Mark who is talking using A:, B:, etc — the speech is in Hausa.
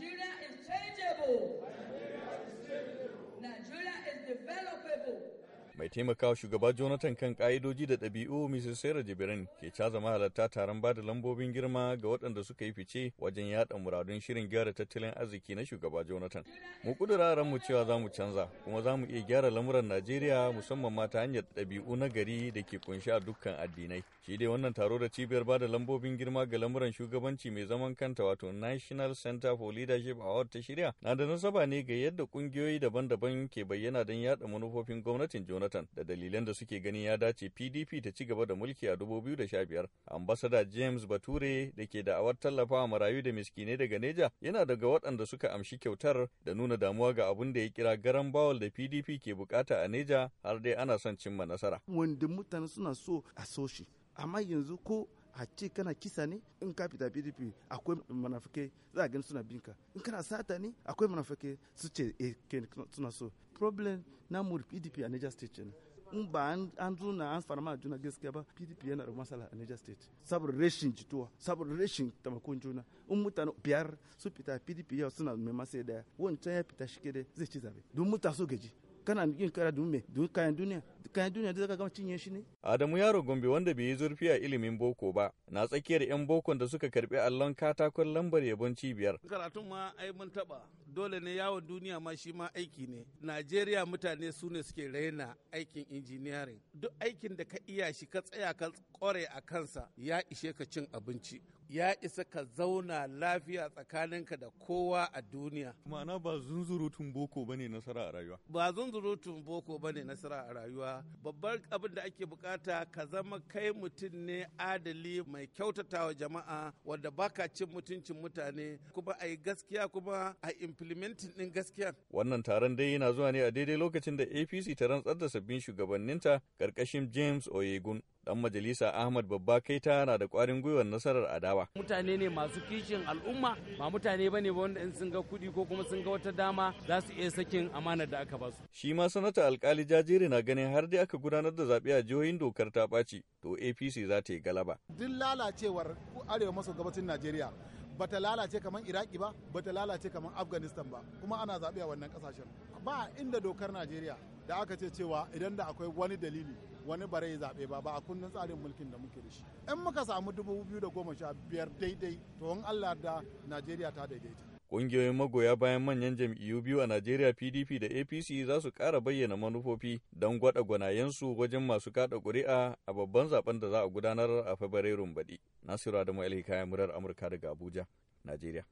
A: Judah mai taimakawa shugaba jonathan kan ka'idoji da ɗabi'u mrs sarah jibirin ke caza mahalarta taron ba da lambobin girma ga waɗanda suka yi fice wajen yaɗa muradun shirin gyara tattalin arziki na shugaba jonathan mu kudura mu cewa za mu canza kuma za mu iya gyara lamuran najeriya musamman ma ta hanyar ɗabi'u na gari da ke kunshi a dukkan addinai shi dai wannan taro da cibiyar ba da lambobin girma ga lamuran shugabanci mai zaman kanta wato national center for leadership award ta shirya na da nasaba ne ga yadda ƙungiyoyi daban-daban ke bayyana don yaɗa manufofin gwamnatin jonathan Jonathan da dalilan da suke ganin ya dace PDP ta ci gaba da mulki a 2015. Ambasada James Bature da ke da'awar tallafawa marayu da miskinai daga Neja yana daga waɗanda suka amshi kyautar da nuna damuwa ga abun da ya kira garan bawal da PDP ke bukata a Neja har dai ana son cimma nasara.
B: Wanda mutane suna so a soshi, amma yanzu ko a ce kana kisa ne in ka fita pdp akwai manafike za a gani suna binka in kana sata ne akwai manafike su ce eh, suna so problem na mu pdp a niger state ne in ba an zuna an farma juna gaskiya ba pdp yana da masala a niger state saboda rashin jituwa saboda rashin tamakon juna in mutane biyar su fita pdp yau suna mai masai daya wancan ya fita shi zai ci zabe don mutane so gaji kana yin kara don me don kayan duniya dukkan duniya da zaka gama cinye shi ne
A: Adamu Yaro Gombe wanda bai yi zurfi a ilimin boko ba na tsakiyar yan bokon da suka karbi allon katakon lambar yabon cibiyar
C: karatun ma ai mun taba dole ne yawon duniya ma shi ma aiki ne najeriya mutane su ne suke raina aikin injiniyarin duk aikin da ka iya shi ka tsaya ka kware a kansa
A: ya ishe ka cin abinci
C: ya isa ka zauna lafiya tsakaninka da kowa a duniya
A: ma'ana ba zunzurutun boko bane nasara a rayuwa
C: ba zunzurutun boko bane nasara a rayuwa babbar abin da ake bukata ka zama kai mutum ne adali mai kyautatawa jama'a wanda baka cin mutuncin mutane kuma a yi gaskiya kuma a implementing din gaskiya.
A: Wannan taron dai yana zuwa ne a daidai lokacin da APC ta rantsar da sabbin shugabanninta karkashin James Oyegun. Dan majalisa Ahmad Babba Kaita na da kwarin gwiwar nasarar adawa.
C: Mutane ne masu kishin al'umma ba mutane ba wanda in sun ga kuɗi ko kuma sun ga wata dama za su iya sakin amanar da aka ba su.
A: Shi ma sanata alkali jajiri na ganin har dai aka gudanar da zaɓe a jihohin dokar ta ɓaci to APC za ta yi galaba.
B: Duk lalacewar arewa maso gabacin Najeriya bata lalace kamar iraki ba bata lalace kamar afghanistan ba kuma ana zaɓe a wannan ƙasashen ba inda dokar najeriya da aka ce cewa idan da akwai wani dalili wani bare ya zaɓe ba ba a kundin tsarin mulkin da muke da shi in muka samu dubu biyu da goma sha biyar daidai to in allah da najeriya ta daidaita
A: Ƙungiyoyin magoya bayan manyan jam'iyyu biyu a Najeriya PDP da APC za su ƙara bayyana manufofi don gwada gwanayensu wajen masu kaɗa ƙuri'a a babban zaben da za a gudanar a Fabrairun baɗi. Nasiru Adamu Alhikaya Murar Amurka daga Abuja, Najeriya.